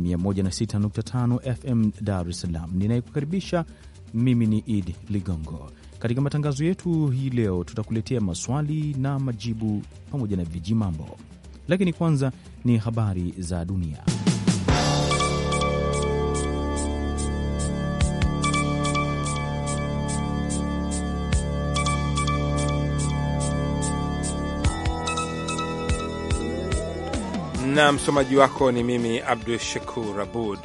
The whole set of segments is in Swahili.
106.5 FM Dar es Salaam. Ninayekukaribisha mimi ni Idi Ligongo. Katika matangazo yetu hii leo, tutakuletea maswali na majibu pamoja na vijimambo, lakini kwanza ni habari za dunia. na msomaji wako ni mimi Abdu Shakur Abud.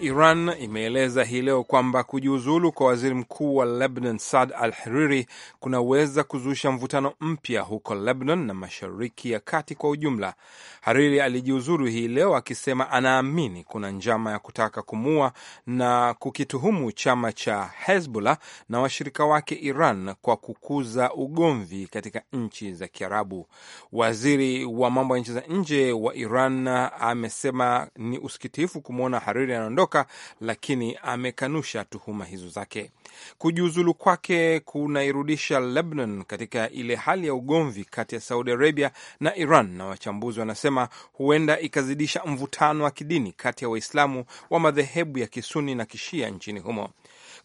Iran imeeleza hii leo kwamba kujiuzulu kwa waziri mkuu wa Lebanon Saad al Hariri kunaweza kuzusha mvutano mpya huko Lebanon na Mashariki ya Kati kwa ujumla. Hariri alijiuzulu hii leo akisema anaamini kuna njama ya kutaka kumua na kukituhumu chama cha Hezbollah na washirika wake Iran kwa kukuza ugomvi katika nchi za Kiarabu. Waziri wa mambo ya nchi za nje wa Iran amesema ni usikitifu kumwona Hariri anaondoka kuondoka, lakini amekanusha tuhuma hizo zake. Kujiuzulu kwake kunairudisha Lebanon katika ile hali ya ugomvi kati ya Saudi Arabia na Iran, na wachambuzi wanasema huenda ikazidisha mvutano wa kidini kati ya Waislamu wa madhehebu ya Kisuni na Kishia nchini humo.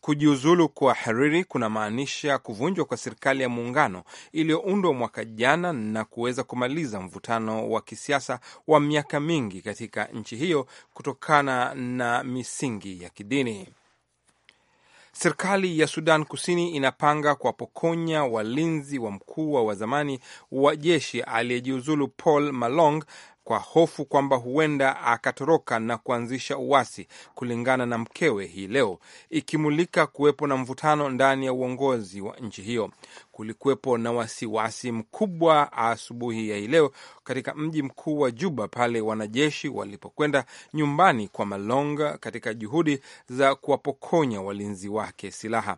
Kujiuzulu kwa Hariri kunamaanisha kuvunjwa kwa serikali ya muungano iliyoundwa mwaka jana na kuweza kumaliza mvutano wa kisiasa wa miaka mingi katika nchi hiyo kutokana na misingi ya kidini. Serikali ya Sudan Kusini inapanga kuwapokonya walinzi wa mkuu wa zamani wa jeshi aliyejiuzulu Paul Malong kwa hofu kwamba huenda akatoroka na kuanzisha uasi, kulingana na mkewe, hii leo ikimulika kuwepo na mvutano ndani ya uongozi wa nchi hiyo kulikuwepo na wasiwasi mkubwa asubuhi ya hii leo katika mji mkuu wa Juba pale wanajeshi walipokwenda nyumbani kwa Malonga katika juhudi za kuwapokonya walinzi wake silaha.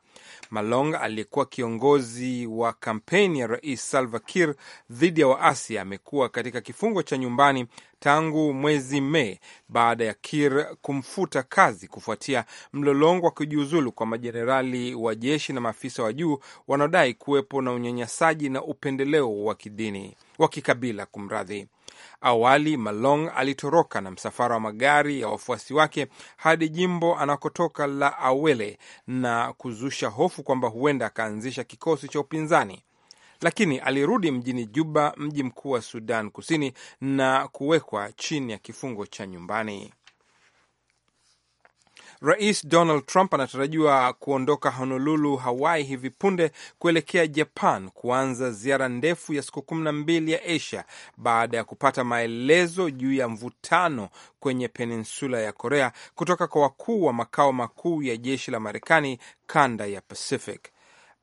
Malonga aliyekuwa kiongozi wa kampeni ya Rais Salva Kiir dhidi ya waasi amekuwa katika kifungo cha nyumbani tangu mwezi Mei baada ya Kir kumfuta kazi kufuatia mlolongo wa kujiuzulu kwa majenerali wa jeshi na maafisa wa juu wanaodai kuwepo na unyanyasaji na upendeleo wa kidini wa kikabila kumradhi. Awali Malong alitoroka na msafara wa magari ya wafuasi wake hadi jimbo anakotoka la Awele na kuzusha hofu kwamba huenda akaanzisha kikosi cha upinzani lakini alirudi mjini Juba, mji mkuu wa Sudan Kusini, na kuwekwa chini ya kifungo cha nyumbani. Rais Donald Trump anatarajiwa kuondoka Honolulu, Hawaii hivi punde kuelekea Japan kuanza ziara ndefu ya siku kumi na mbili ya Asia baada ya kupata maelezo juu ya mvutano kwenye peninsula ya Korea kutoka kwa wakuu wa makao makuu ya jeshi la Marekani kanda ya Pacific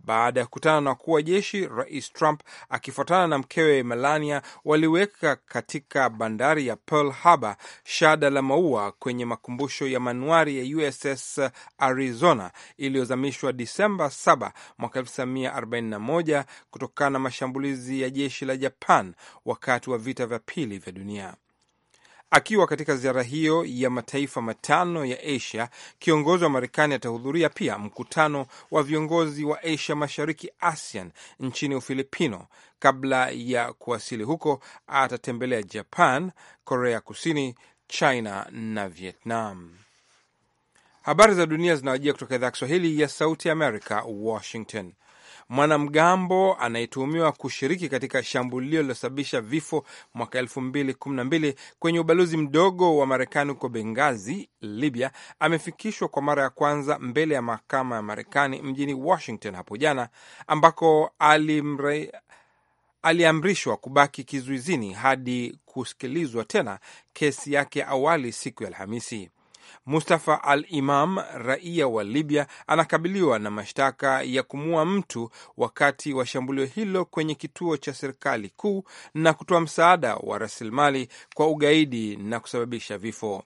baada ya kukutana na wakuu wa jeshi. Rais Trump akifuatana na mkewe Melania waliweka katika bandari ya Pearl Harbor shada la maua kwenye makumbusho ya manuari ya USS Arizona iliyozamishwa Disemba 7 mwaka 1941 kutokana na mashambulizi ya jeshi la Japan wakati wa vita vya pili vya dunia. Akiwa katika ziara hiyo ya mataifa matano ya Asia, kiongozi wa Marekani atahudhuria pia mkutano wa viongozi wa Asia Mashariki, ASEAN, nchini Ufilipino. Kabla ya kuwasili huko, atatembelea Japan, Korea Kusini, China na Vietnam. Habari za dunia zinawajia kutoka idhaa ya Kiswahili ya Sauti ya Amerika, Washington mwanamgambo anayetuhumiwa kushiriki katika shambulio lilosababisha vifo mwaka elfu mbili kumi na mbili kwenye ubalozi mdogo wa Marekani huko Bengazi, Libya, amefikishwa kwa mara ya kwanza mbele ya mahakama ya Marekani mjini Washington hapo jana, ambako alimre aliamrishwa kubaki kizuizini hadi kusikilizwa tena kesi yake awali siku ya Alhamisi. Mustafa Al Imam, raia wa Libya, anakabiliwa na mashtaka ya kumuua mtu wakati wa shambulio hilo kwenye kituo cha serikali kuu na kutoa msaada wa rasilimali kwa ugaidi na kusababisha vifo.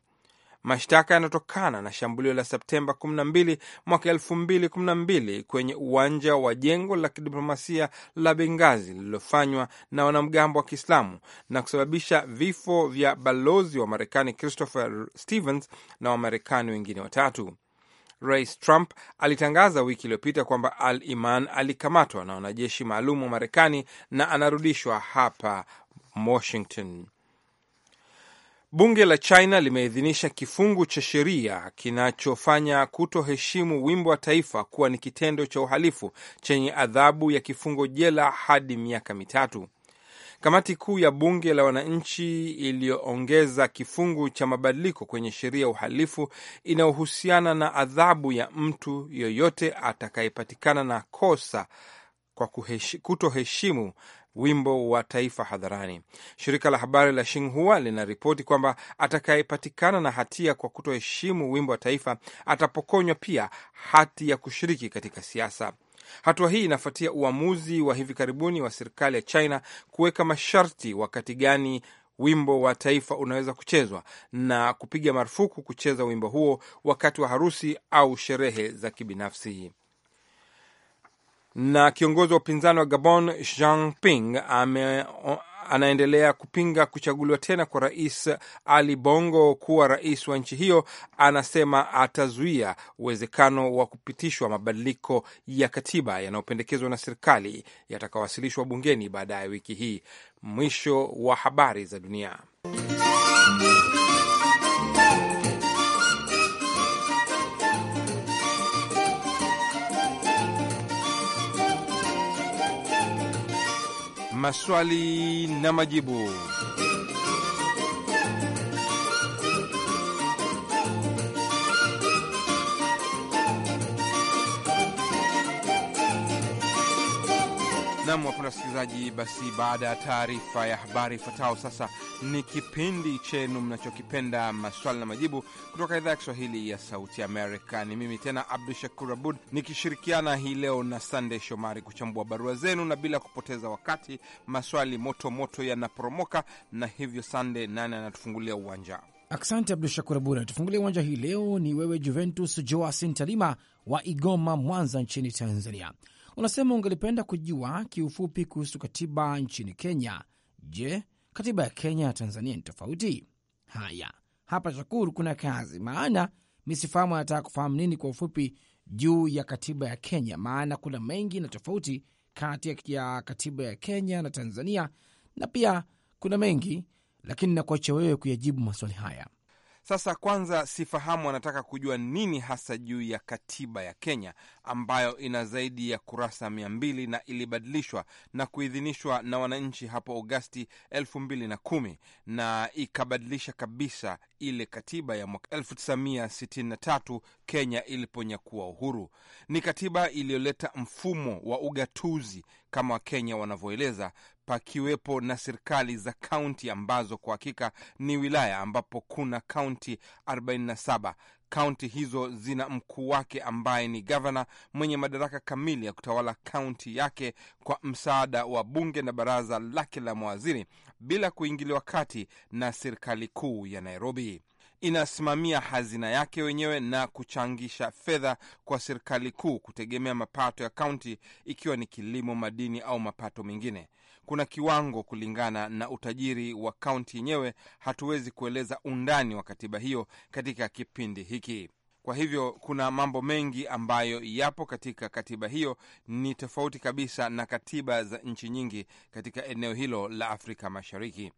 Mashtaka yanatokana na shambulio la Septemba 12 mwaka 2012 kwenye uwanja wa jengo la kidiplomasia la Bengazi lililofanywa na wanamgambo wa Kiislamu na kusababisha vifo vya balozi wa Marekani Christopher Stevens na Wamarekani wengine watatu. Rais Trump alitangaza wiki iliyopita kwamba Al Iman alikamatwa na wanajeshi maalum wa Marekani na anarudishwa hapa Washington. Bunge la China limeidhinisha kifungu cha sheria kinachofanya kutoheshimu wimbo wa taifa kuwa ni kitendo cha uhalifu chenye adhabu ya kifungo jela hadi miaka mitatu. Kamati kuu ya bunge la wananchi iliyoongeza kifungu cha mabadiliko kwenye sheria ya uhalifu inayohusiana na adhabu ya mtu yoyote atakayepatikana na kosa kwa kutoheshimu wimbo wa taifa hadharani. Shirika la habari la Shinhua linaripoti kwamba atakayepatikana na hatia kwa kutoheshimu wimbo wa taifa atapokonywa pia hati ya kushiriki katika siasa. Hatua hii inafuatia uamuzi wa hivi karibuni wa serikali ya China kuweka masharti wakati gani wimbo wa taifa unaweza kuchezwa na kupiga marufuku kucheza wimbo huo wakati wa harusi au sherehe za kibinafsi na kiongozi wa upinzani wa Gabon Jean Ping ame anaendelea kupinga kuchaguliwa tena kwa rais Ali Bongo kuwa rais wa nchi hiyo. Anasema atazuia uwezekano wa kupitishwa mabadiliko ya katiba yanayopendekezwa na serikali yatakawasilishwa bungeni baadaye wiki hii. Mwisho wa habari za dunia. maswali na majibu. Nam, wapenda wasikilizaji, basi baada ya taarifa ya habari ifuatao, sasa ni kipindi chenu mnachokipenda, maswali na majibu kutoka idhaa ya Kiswahili ya Sauti Amerika. Ni mimi tena Abdu Shakur Abud nikishirikiana hii leo na Sandey Shomari kuchambua barua zenu, na bila kupoteza wakati maswali moto moto yanaporomoka, na hivyo Sandey nane anatufungulia uwanja. Asante Abdu Shakur Abud, anatufungulia uwanja hii leo ni wewe Juventus Joasin Talima wa Igoma, Mwanza nchini Tanzania. Unasema ungelipenda kujua kiufupi kuhusu katiba nchini Kenya. Je, katiba ya Kenya na Tanzania ni tofauti? Haya, hapa Shakuru kuna kazi, maana misifahamu anataka kufahamu nini kwa ufupi juu ya katiba ya Kenya, maana kuna mengi na tofauti kati ya katiba ya Kenya na Tanzania, na pia kuna mengi, lakini nakuacha wewe kuyajibu maswali haya. Sasa kwanza, sifahamu anataka kujua nini hasa juu ya katiba ya Kenya ambayo ina zaidi ya kurasa mia mbili na ilibadilishwa na kuidhinishwa na wananchi hapo Agosti elfu mbili na kumi na ikabadilisha kabisa ile katiba ya mwaka 1963 Kenya iliponyakua uhuru. Ni katiba iliyoleta mfumo wa ugatuzi kama Wakenya wanavyoeleza pakiwepo na serikali za kaunti ambazo kwa hakika ni wilaya ambapo kuna kaunti 47. Kaunti hizo zina mkuu wake ambaye ni gavana mwenye madaraka kamili ya kutawala kaunti yake kwa msaada wa bunge na baraza lake la mawaziri bila kuingiliwa kati na serikali kuu ya Nairobi. Inasimamia hazina yake wenyewe na kuchangisha fedha kwa serikali kuu kutegemea mapato ya kaunti, ikiwa ni kilimo, madini au mapato mengine kuna kiwango kulingana na utajiri wa kaunti yenyewe. Hatuwezi kueleza undani wa katiba hiyo katika kipindi hiki. Kwa hivyo kuna mambo mengi ambayo yapo katika katiba hiyo, ni tofauti kabisa na katiba za nchi nyingi katika eneo hilo la Afrika Mashariki.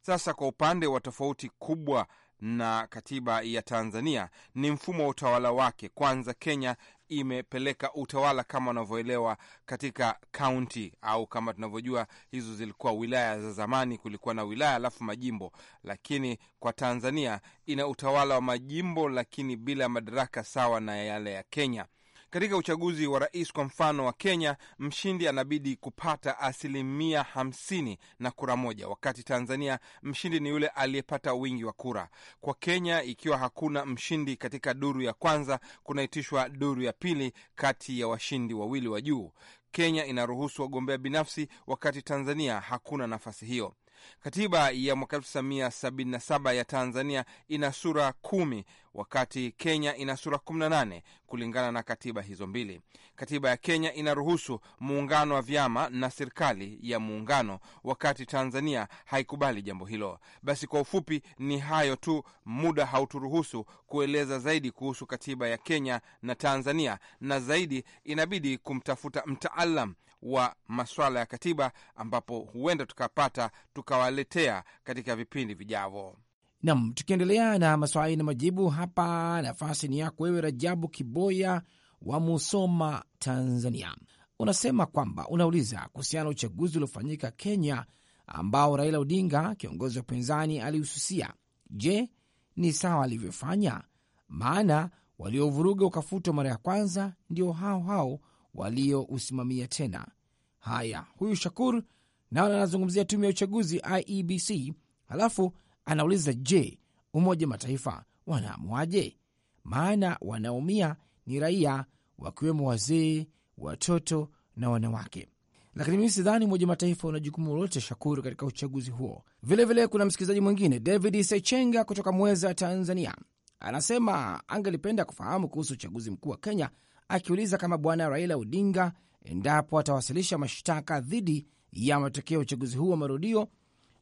Sasa kwa upande wa tofauti kubwa na katiba ya Tanzania ni mfumo wa utawala wake. Kwanza, Kenya imepeleka utawala kama unavyoelewa katika kaunti au kama tunavyojua hizo zilikuwa wilaya za zamani. Kulikuwa na wilaya alafu majimbo, lakini kwa Tanzania ina utawala wa majimbo, lakini bila madaraka sawa na yale ya Kenya. Katika uchaguzi wa rais kwa mfano wa Kenya, mshindi anabidi kupata asilimia hamsini na kura moja, wakati Tanzania mshindi ni yule aliyepata wingi wa kura. Kwa Kenya, ikiwa hakuna mshindi katika duru ya kwanza, kunaitishwa duru ya pili kati ya washindi wawili wa juu. Kenya inaruhusu wagombea binafsi, wakati Tanzania hakuna nafasi hiyo. Katiba ya mwaka 1977 ya Tanzania ina sura kumi wakati Kenya ina sura 18 kulingana na katiba hizo mbili. Katiba ya Kenya inaruhusu muungano wa vyama na serikali ya muungano, wakati Tanzania haikubali jambo hilo. Basi kwa ufupi ni hayo tu, muda hauturuhusu kueleza zaidi kuhusu katiba ya Kenya na Tanzania, na zaidi inabidi kumtafuta mtaalam wa maswala ya katiba, ambapo huenda tukapata tukawaletea katika vipindi vijavyo. Nam, tukiendelea na maswali na majibu hapa, nafasi ni yako wewe, Rajabu Kiboya wa Musoma, Tanzania. Unasema kwamba unauliza kuhusiana na uchaguzi uliofanyika Kenya ambao Raila Odinga, kiongozi wa upinzani, alihususia. Je, ni sawa alivyofanya? Maana waliovuruga ukafutwa mara ya kwanza ndio hao hao waliousimamia tena. Haya, huyu Shakur naona anazungumzia tume ya uchaguzi IEBC, halafu anauliza je, Umoja Mataifa wanaamuaje Maana wanaumia ni raia, wakiwemo wazee, watoto na wanawake. Lakini mimi sidhani Umoja Mataifa una jukumu lolote, Shakuru, katika uchaguzi huo. Vilevile vile kuna msikilizaji mwingine David Sechenga kutoka Mweza, Tanzania, anasema angelipenda kufahamu kuhusu uchaguzi mkuu wa Kenya akiuliza kama Bwana Raila Odinga endapo atawasilisha mashtaka dhidi ya matokeo ya uchaguzi huu wa marudio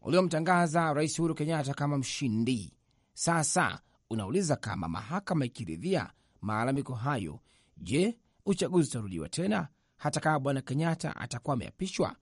uliomtangaza Rais Uhuru Kenyatta kama mshindi. Sasa unauliza kama mahakama ikiridhia malalamiko hayo, je, uchaguzi utarudiwa tena hata kama Bwana Kenyatta atakuwa ameapishwa?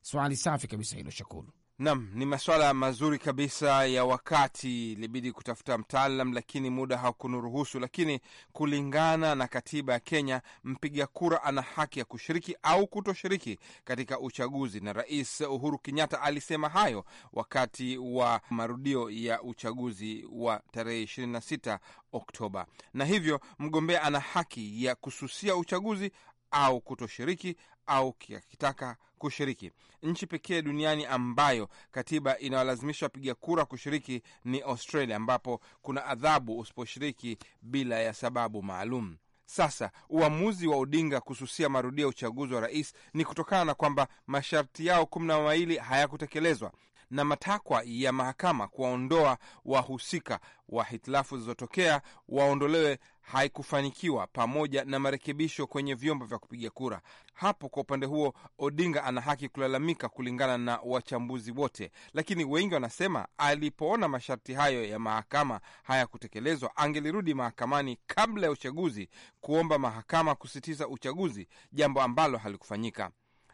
Swali safi kabisa hilo, Shakuru. Nam, ni masuala mazuri kabisa ya wakati, ilibidi kutafuta mtaalam, lakini muda hakunuruhusu. Lakini kulingana na katiba ya Kenya, mpiga kura ana haki ya kushiriki au kutoshiriki katika uchaguzi, na Rais Uhuru Kenyatta alisema hayo wakati wa marudio ya uchaguzi wa tarehe 26 Oktoba, na hivyo mgombea ana haki ya kususia uchaguzi au kutoshiriki au akitaka kushiriki. Nchi pekee duniani ambayo katiba inawalazimisha wapiga kura kushiriki ni Australia, ambapo kuna adhabu usiposhiriki bila ya sababu maalum. Sasa uamuzi wa Odinga kususia marudio ya uchaguzi wa rais ni kutokana na kwamba masharti yao kumi na mawili hayakutekelezwa na matakwa ya mahakama kuwaondoa wahusika wa hitilafu zilizotokea waondolewe haikufanikiwa pamoja na marekebisho kwenye vyombo vya kupiga kura. Hapo kwa upande huo, Odinga ana haki kulalamika kulingana na wachambuzi wote, lakini wengi wanasema alipoona masharti hayo ya mahakama hayakutekelezwa, angelirudi mahakamani kabla ya uchaguzi kuomba mahakama kusitiza uchaguzi, jambo ambalo halikufanyika.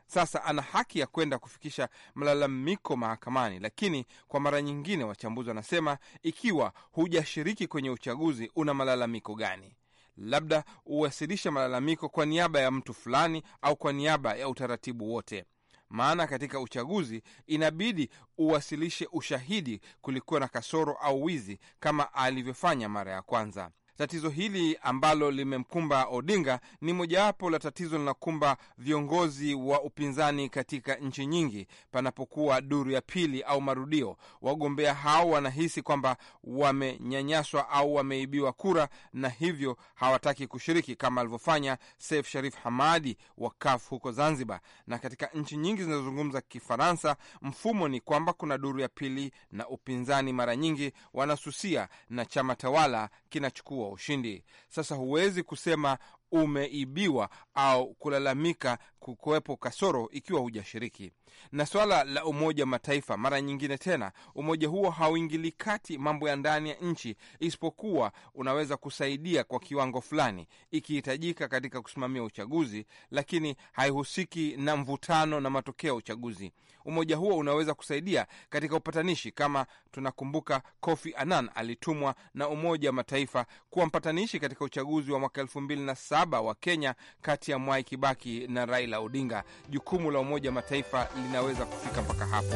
Sasa ana haki ya kwenda kufikisha malalamiko mahakamani, lakini kwa mara nyingine wachambuzi wanasema ikiwa hujashiriki kwenye uchaguzi, una malalamiko gani? Labda uwasilishe malalamiko kwa niaba ya mtu fulani au kwa niaba ya utaratibu wote maana katika uchaguzi inabidi uwasilishe ushahidi kulikuwa na kasoro au wizi, kama alivyofanya mara ya kwanza. Tatizo hili ambalo limemkumba Odinga ni mojawapo la tatizo linakumba viongozi wa upinzani katika nchi nyingi. Panapokuwa duru ya pili au marudio, wagombea hao wanahisi kwamba wamenyanyaswa au wameibiwa kura, na hivyo hawataki kushiriki, kama alivyofanya Seif Sharif Hamadi wa KAF huko Zanzibar. Na katika nchi nyingi zinazozungumza Kifaransa, mfumo ni kwamba kuna duru ya pili na upinzani mara nyingi wanasusia na chama tawala kinachukua wa ushindi. Sasa huwezi kusema umeibiwa au kulalamika kukuwepo kasoro ikiwa hujashiriki. Na swala la Umoja wa Mataifa, mara nyingine tena, umoja huo hauingili kati mambo ya ndani ya nchi, isipokuwa unaweza kusaidia kwa kiwango fulani ikihitajika katika kusimamia uchaguzi, lakini haihusiki na mvutano na matokeo ya uchaguzi. Umoja huo unaweza kusaidia katika upatanishi. Kama tunakumbuka, Kofi Annan alitumwa na Umoja wa Mataifa kuwa mpatanishi katika uchaguzi wa mwaka elfu mbili na saba saba wa Kenya kati ya Mwai Kibaki na Raila Odinga. Jukumu la Umoja wa Mataifa linaweza kufika mpaka hapo.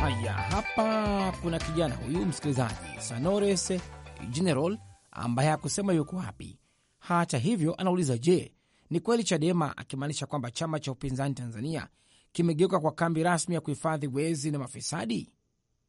Haya, hapa kuna kijana huyu msikilizaji Sanores General ambaye hakusema yuko wapi. Hata hivyo, anauliza je, ni kweli Chadema, akimaanisha kwamba chama cha upinzani Tanzania kimegeuka kwa kambi rasmi ya kuhifadhi wezi na mafisadi?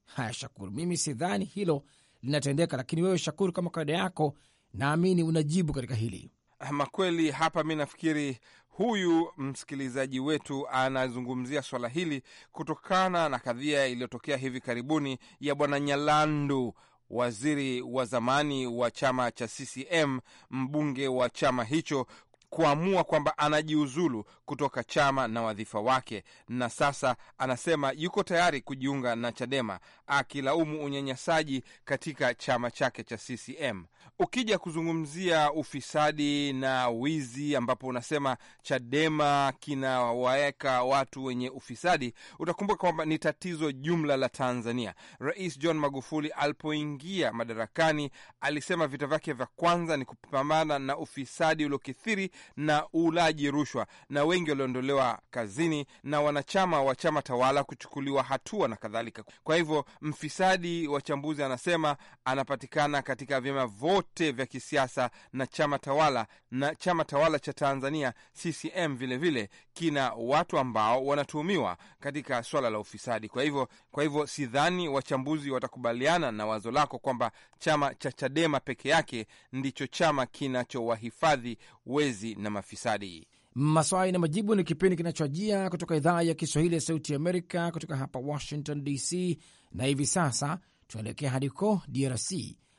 Haya Shakuru, mimi sidhani hilo linatendeka, lakini wewe Shakuru, kama kawaida yako, naamini unajibu katika hili. Makweli hapa, mi nafikiri huyu msikilizaji wetu anazungumzia swala hili kutokana na kadhia iliyotokea hivi karibuni ya bwana Nyalandu waziri wa zamani wa chama cha CCM, mbunge wa chama hicho kuamua kwamba anajiuzulu kutoka chama na wadhifa wake, na sasa anasema yuko tayari kujiunga na Chadema, akilaumu unyanyasaji katika chama chake cha CCM. Ukija kuzungumzia ufisadi na wizi, ambapo unasema Chadema kinawaweka watu wenye ufisadi, utakumbuka kwamba ni tatizo jumla la Tanzania. Rais John Magufuli alipoingia madarakani alisema vita vyake vya kwanza ni kupambana na ufisadi uliokithiri na ulaji rushwa, na wengi waliondolewa kazini na wanachama wa chama tawala kuchukuliwa hatua na kadhalika. Kwa hivyo mfisadi, wachambuzi anasema, anapatikana katika vyama vyote vya kisiasa na chama tawala, na chama tawala cha Tanzania CCM vilevile vile, kina watu ambao wanatuhumiwa katika swala la ufisadi. Kwa hivyo kwa hivyo sidhani wachambuzi watakubaliana na wazo lako kwamba chama cha Chadema peke yake ndicho chama kinachowahifadhi wezi na mafisadi. Maswali na Majibu ni kipindi kinachoajia kutoka idhaa ya Kiswahili ya Sauti Amerika kutoka hapa Washington DC, na hivi sasa tunaelekea hadi ko DRC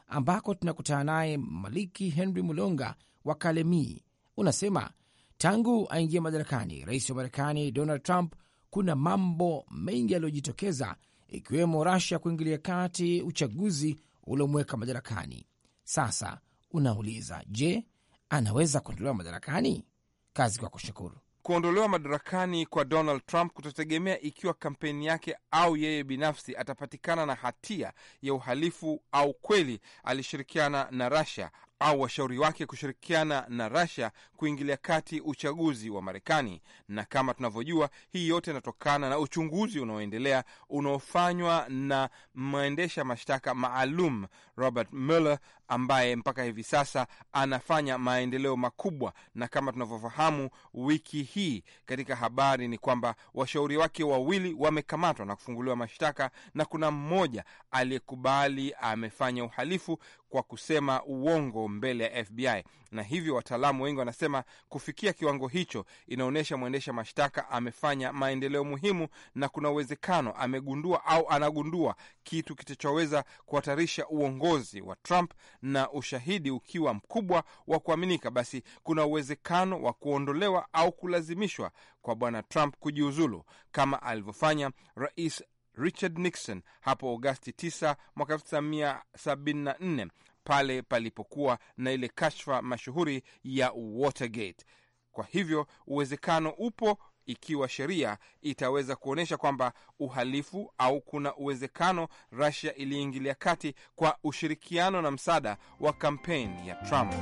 ambako tunakutana naye Maliki Henry Mulonga wa Kalemi. Unasema tangu aingia madarakani rais wa Marekani Donald Trump, kuna mambo mengi yaliyojitokeza, ikiwemo Rasia kuingilia kati uchaguzi uliomweka madarakani. Sasa unauliza, je, anaweza kuondolewa madarakani? Kazi kwa kushukuru. Kuondolewa madarakani kwa Donald Trump kutategemea ikiwa kampeni yake au yeye binafsi atapatikana na hatia ya uhalifu au kweli alishirikiana na Russia au washauri wake kushirikiana na Russia kuingilia kati uchaguzi wa Marekani. Na kama tunavyojua, hii yote inatokana na uchunguzi unaoendelea unaofanywa na mwendesha mashtaka maalum Robert Mueller ambaye mpaka hivi sasa anafanya maendeleo makubwa, na kama tunavyofahamu, wiki hii katika habari ni kwamba washauri wake wawili wamekamatwa na kufunguliwa mashtaka, na kuna mmoja aliyekubali amefanya uhalifu kwa kusema uongo mbele ya FBI, na hivyo wataalamu wengi wanasema kufikia kiwango hicho inaonyesha mwendesha mashtaka amefanya maendeleo muhimu, na kuna uwezekano amegundua au anagundua kitu kitachoweza kuhatarisha uongozi wa Trump na ushahidi ukiwa mkubwa wa kuaminika, basi kuna uwezekano wa kuondolewa au kulazimishwa kwa bwana Trump kujiuzulu kama alivyofanya Rais Richard Nixon hapo Agosti 9 mwaka 1974 pale palipokuwa na ile kashfa mashuhuri ya Watergate. Kwa hivyo uwezekano upo ikiwa sheria itaweza kuonyesha kwamba uhalifu au kuna uwezekano Russia iliingilia kati kwa ushirikiano na msaada wa kampeni ya Trump.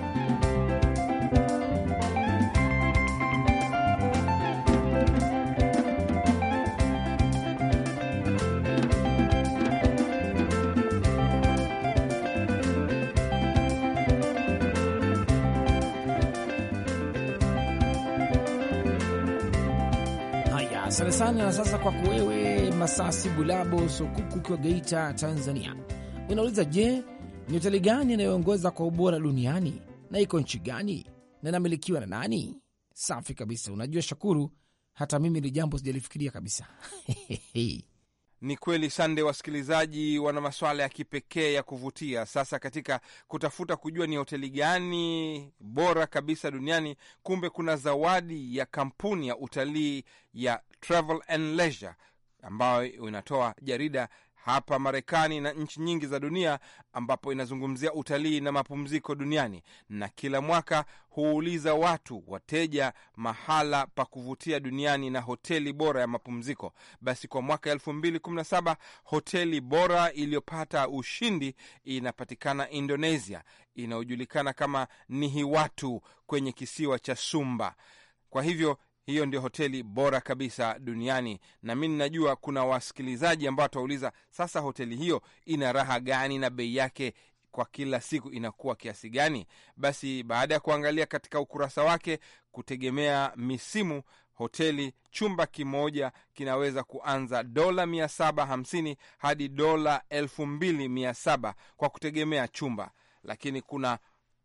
Asante sana. Na sasa kwako wewe Masasi Bulabo Sokuku ukiwa Geita, Tanzania, unauliza je, ni hoteli gani inayoongoza kwa ubora duniani na iko nchi gani na inamilikiwa na nani? Safi kabisa. Unajua Shakuru, hata mimi ni jambo sijalifikiria kabisa Ni kweli Sande, wasikilizaji wana maswala ya kipekee ya kuvutia. Sasa katika kutafuta kujua ni hoteli gani bora kabisa duniani, kumbe kuna zawadi ya kampuni ya utalii ya Travel and Leisure ambayo inatoa jarida hapa Marekani na nchi nyingi za dunia ambapo inazungumzia utalii na mapumziko duniani, na kila mwaka huuliza watu wateja mahala pa kuvutia duniani na hoteli bora ya mapumziko. Basi kwa mwaka 2017 hoteli bora iliyopata ushindi inapatikana Indonesia, inayojulikana kama Nihiwatu kwenye kisiwa cha Sumba. Kwa hivyo hiyo ndio hoteli bora kabisa duniani. Na mi ninajua kuna wasikilizaji ambao watauliza sasa, hoteli hiyo ina raha gani na bei yake kwa kila siku inakuwa kiasi gani? Basi baada ya kuangalia katika ukurasa wake, kutegemea misimu, hoteli chumba kimoja kinaweza kuanza dola 750 hadi dola 2700 kwa kutegemea chumba, lakini kuna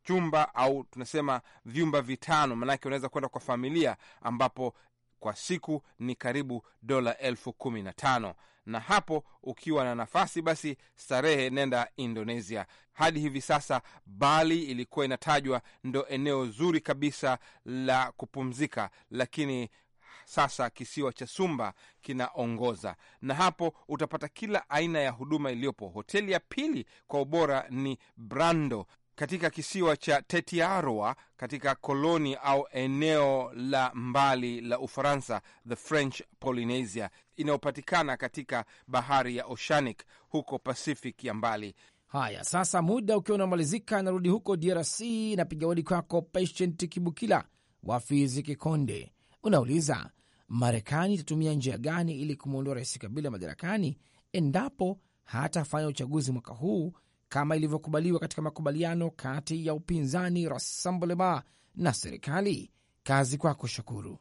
chumba au tunasema vyumba vitano, maanake unaweza kwenda kwa familia, ambapo kwa siku ni karibu dola elfu kumi na tano na hapo ukiwa na nafasi basi starehe, nenda Indonesia. Hadi hivi sasa Bali ilikuwa inatajwa ndo eneo zuri kabisa la kupumzika, lakini sasa kisiwa cha Sumba kinaongoza, na hapo utapata kila aina ya huduma iliyopo. Hoteli ya pili kwa ubora ni Brando katika kisiwa cha tetiarwa katika koloni au eneo la mbali la Ufaransa, the French Polynesia, inayopatikana katika bahari ya Oceanic huko Pacific ya mbali. Haya, sasa muda ukiwa unamalizika, narudi huko DRC Napiga wadi kwako Patient Kibukila wa Fiziki Konde, unauliza Marekani itatumia njia gani ili kumwondoa Rais Kabila madarakani endapo hatafanya uchaguzi mwaka huu kama ilivyokubaliwa katika makubaliano kati ya upinzani Rassemblement na serikali. Kazi kwako Shukuru.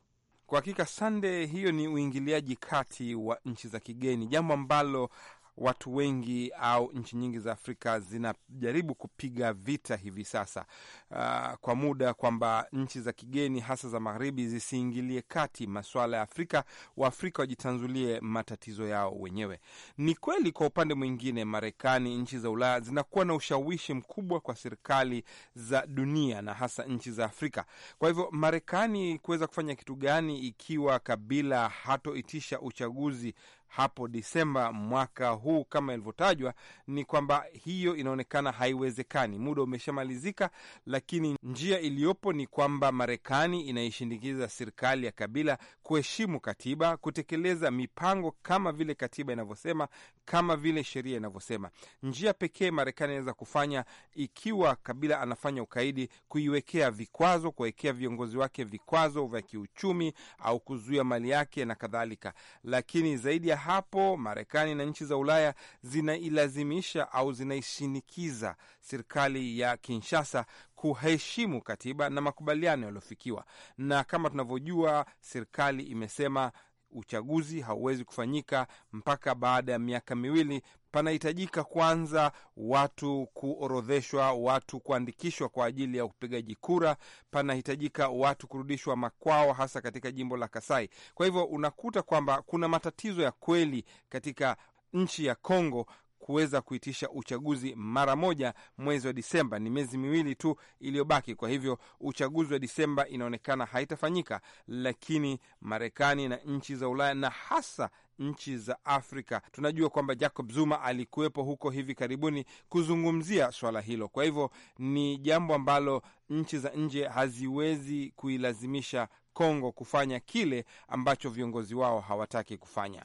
Kwa hakika Sande, hiyo ni uingiliaji kati wa nchi za kigeni, jambo ambalo watu wengi au nchi nyingi za Afrika zinajaribu kupiga vita hivi sasa uh, kwa muda kwamba nchi za kigeni hasa za magharibi zisiingilie kati masuala ya Afrika, Waafrika wajitanzulie matatizo yao wenyewe. Ni kweli, kwa upande mwingine, Marekani, nchi za Ulaya zinakuwa na ushawishi mkubwa kwa serikali za dunia na hasa nchi za Afrika. Kwa hivyo, Marekani kuweza kufanya kitu gani ikiwa Kabila hatoitisha uchaguzi hapo disemba mwaka huu kama ilivyotajwa, ni kwamba hiyo inaonekana haiwezekani, muda umeshamalizika. Lakini njia iliyopo ni kwamba Marekani inaishindikiza serikali ya Kabila kuheshimu katiba, kutekeleza mipango kama vile katiba inavyosema, kama vile sheria inavyosema. Njia pekee Marekani inaweza kufanya ikiwa Kabila anafanya ukaidi, kuiwekea vikwazo, kuwekea viongozi wake vikwazo vya kiuchumi au kuzuia mali yake na kadhalika, lakini zaidi ya hapo Marekani na nchi za Ulaya zinailazimisha au zinaishinikiza serikali ya Kinshasa kuheshimu katiba na makubaliano yaliyofikiwa, na kama tunavyojua, serikali imesema uchaguzi hauwezi kufanyika mpaka baada ya miaka miwili. Panahitajika kwanza watu kuorodheshwa, watu kuandikishwa kwa ajili ya upigaji kura, panahitajika watu kurudishwa makwao, hasa katika jimbo la Kasai. Kwa hivyo unakuta kwamba kuna matatizo ya kweli katika nchi ya Kongo kuweza kuitisha uchaguzi mara moja mwezi wa Disemba. Ni miezi miwili tu iliyobaki, kwa hivyo uchaguzi wa Disemba inaonekana haitafanyika, lakini Marekani na nchi za Ulaya na hasa nchi za Afrika. Tunajua kwamba Jacob Zuma alikuwepo huko hivi karibuni kuzungumzia swala hilo. Kwa hivyo ni jambo ambalo nchi za nje haziwezi kuilazimisha Kongo kufanya kile ambacho viongozi wao hawataki kufanya.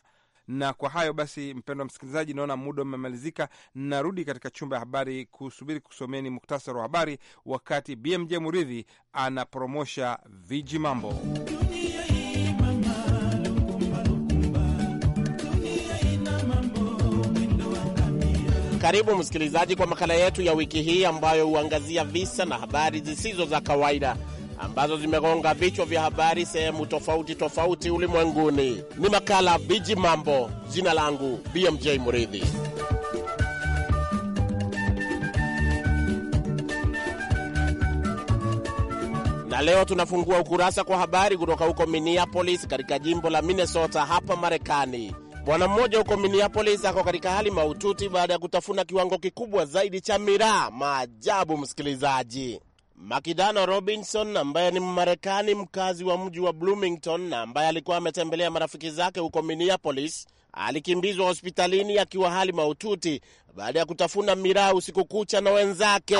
Na kwa hayo basi, mpendwa msikilizaji, naona muda umemalizika. Narudi katika chumba ya habari kusubiri kusomeni muktasari wa habari, wakati BMJ Muridhi anapromosha viji mambo. Karibu msikilizaji kwa makala yetu ya wiki hii ambayo huangazia visa na habari zisizo za kawaida ambazo zimegonga vichwa vya habari sehemu tofauti tofauti ulimwenguni. Ni makala Viji Mambo. Jina langu BMJ Muridhi. Na leo tunafungua ukurasa kwa habari kutoka huko Minneapolis katika jimbo la Minnesota hapa Marekani. Bwana mmoja huko Minneapolis ako katika hali mahututi baada ya kutafuna kiwango kikubwa zaidi cha miraa. Maajabu, msikilizaji. Makidano Robinson ambaye ni Mmarekani mkazi wa mji wa Bloomington na ambaye alikuwa ametembelea marafiki zake huko Minneapolis alikimbizwa hospitalini akiwa hali mahututi baada ya kutafuna miraa usiku kucha na wenzake.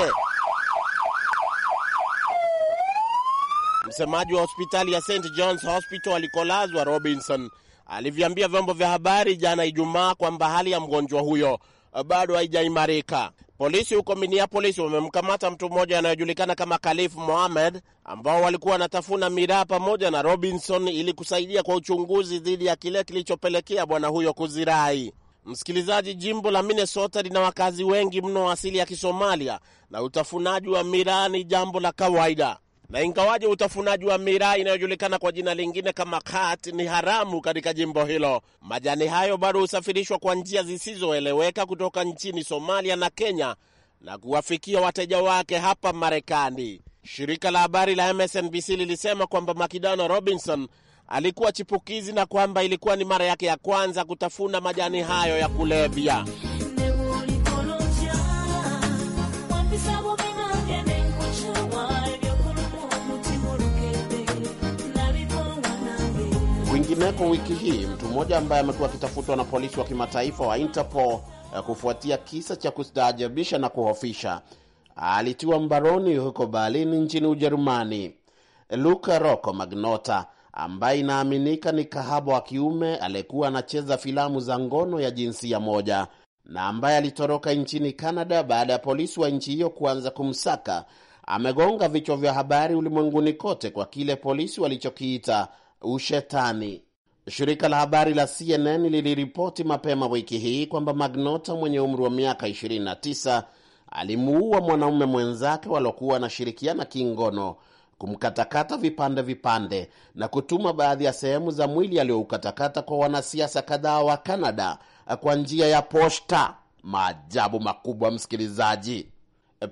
Msemaji wa hospitali ya St John's Hospital alikolazwa Robinson aliviambia vyombo vya habari jana Ijumaa kwamba hali ya mgonjwa huyo Eh, bado haijaimarika. Polisi huko Minneapolis wamemkamata mtu mmoja anayejulikana kama Khalifu mohamed ambao walikuwa wanatafuna miraa pamoja na Robinson ili kusaidia kwa uchunguzi dhidi ya kile kilichopelekea bwana huyo kuzirai. Msikilizaji, jimbo la Minnesota lina wakazi wengi mno wa asili ya Kisomalia na utafunaji wa miraa ni jambo la kawaida na ingawaje utafunaji wa miraa inayojulikana kwa jina lingine kama kat ni haramu katika jimbo hilo, majani hayo bado husafirishwa kwa njia zisizoeleweka kutoka nchini Somalia na Kenya na kuwafikia wateja wake hapa Marekani. Shirika la habari la MSNBC lilisema kwamba Makidano Robinson alikuwa chipukizi na kwamba ilikuwa ni mara yake ya kwanza kutafuna majani hayo ya kulevya. Kwingineko wiki hii, mtu mmoja ambaye amekuwa akitafutwa na polisi wa kimataifa wa Interpol eh, kufuatia kisa cha kustaajabisha na kuhofisha alitiwa mbaroni huko Berlin nchini Ujerumani. Luka Rocco Magnota ambaye inaaminika ni kahaba wa kiume aliyekuwa anacheza filamu za ngono ya jinsia moja na ambaye alitoroka nchini Canada baada ya polisi wa nchi hiyo kuanza kumsaka, amegonga vichwa vya habari ulimwenguni kote kwa kile polisi walichokiita ushetani. Shirika la habari la CNN liliripoti mapema wiki hii kwamba Magnota mwenye umri wa miaka 29 alimuua mwanaume mwenzake waliokuwa wanashirikiana kingono, kumkatakata vipande vipande na kutuma baadhi ya sehemu za mwili aliyoukatakata kwa wanasiasa kadhaa wa canada kwa njia ya posta. Maajabu makubwa, msikilizaji.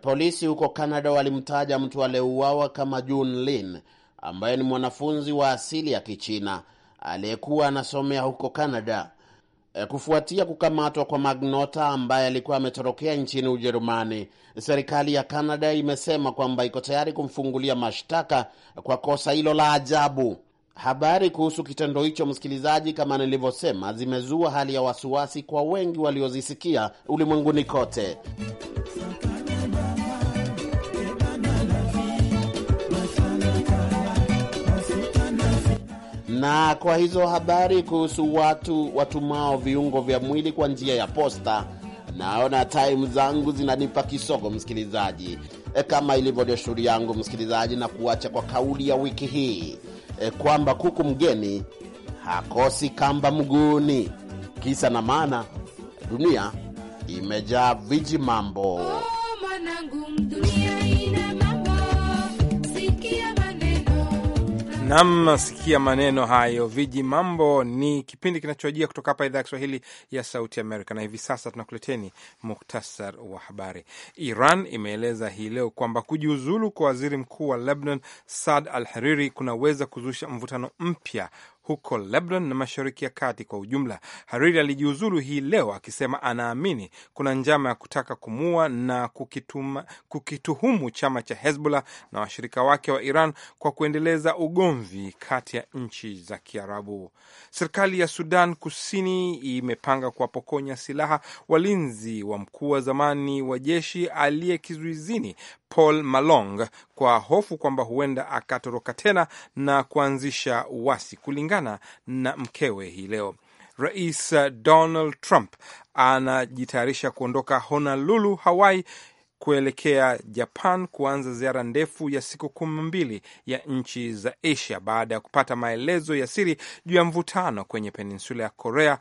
Polisi huko canada walimtaja mtu aliyeuawa kama June Lin ambaye ni mwanafunzi wa asili ya Kichina aliyekuwa anasomea huko Canada e, kufuatia kukamatwa kwa Magnota ambaye alikuwa ametorokea nchini Ujerumani. Serikali ya Canada imesema kwamba iko tayari kumfungulia mashtaka kwa kosa hilo la ajabu. Habari kuhusu kitendo hicho, msikilizaji, kama nilivyosema, zimezua hali ya wasiwasi kwa wengi waliozisikia ulimwenguni kote. Na kwa hizo habari kuhusu watu watumao viungo vya mwili kwa njia ya posta, naona taimu zangu zinanipa kisogo msikilizaji. E, kama ilivyo desturi yangu msikilizaji, na kuacha kwa kauli ya wiki hii e, kwamba kuku mgeni hakosi kamba mguuni. Kisa na maana, dunia imejaa viji mambo oh, Nam, sikia maneno hayo, viji mambo. Ni kipindi kinachojia kutoka hapa idhaa ya Kiswahili ya Sauti Amerika, na hivi sasa tunakuleteni muktasar wa habari. Iran imeeleza hii leo kwamba kujiuzulu kwa waziri mkuu wa Lebanon Saad al Hariri kunaweza kuzusha mvutano mpya huko Lebanon na Mashariki ya Kati kwa ujumla. Hariri alijiuzulu hii leo akisema anaamini kuna njama ya kutaka kumua na kukituma, kukituhumu chama cha Hezbollah na washirika wake wa Iran kwa kuendeleza ugomvi kati ya nchi za Kiarabu. Serikali ya Sudan Kusini imepanga kuwapokonya silaha walinzi wa mkuu wa zamani wa jeshi aliye kizuizini Paul Malong kwa hofu kwamba huenda akatoroka tena na kuanzisha uasi, kulingana na mkewe hii leo. Rais Donald Trump anajitayarisha kuondoka Honolulu, Hawaii kuelekea Japan kuanza ziara ndefu ya siku kumi mbili ya nchi za Asia baada ya kupata maelezo ya siri juu ya mvutano kwenye peninsula ya Korea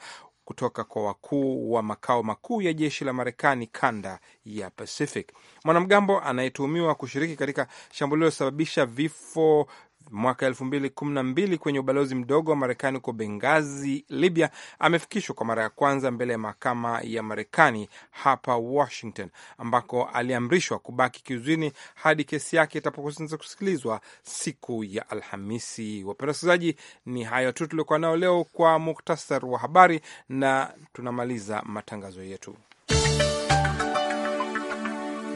kutoka kwa wakuu wa makao makuu ya jeshi la Marekani kanda ya Pacific. Mwanamgambo anayetuhumiwa kushiriki katika shambulio lilosababisha vifo mwaka elfu mbili kumi na mbili kwenye ubalozi mdogo wa Marekani huko Bengazi, Libya, amefikishwa kwa mara ya kwanza mbele ya mahakama ya Marekani hapa Washington, ambako aliamrishwa kubaki kizuini hadi kesi yake itakapoanza kusikilizwa siku ya Alhamisi. Wapenda wasikilizaji, ni hayo tu tuliokuwa nao leo kwa muktasar wa habari, na tunamaliza matangazo yetu.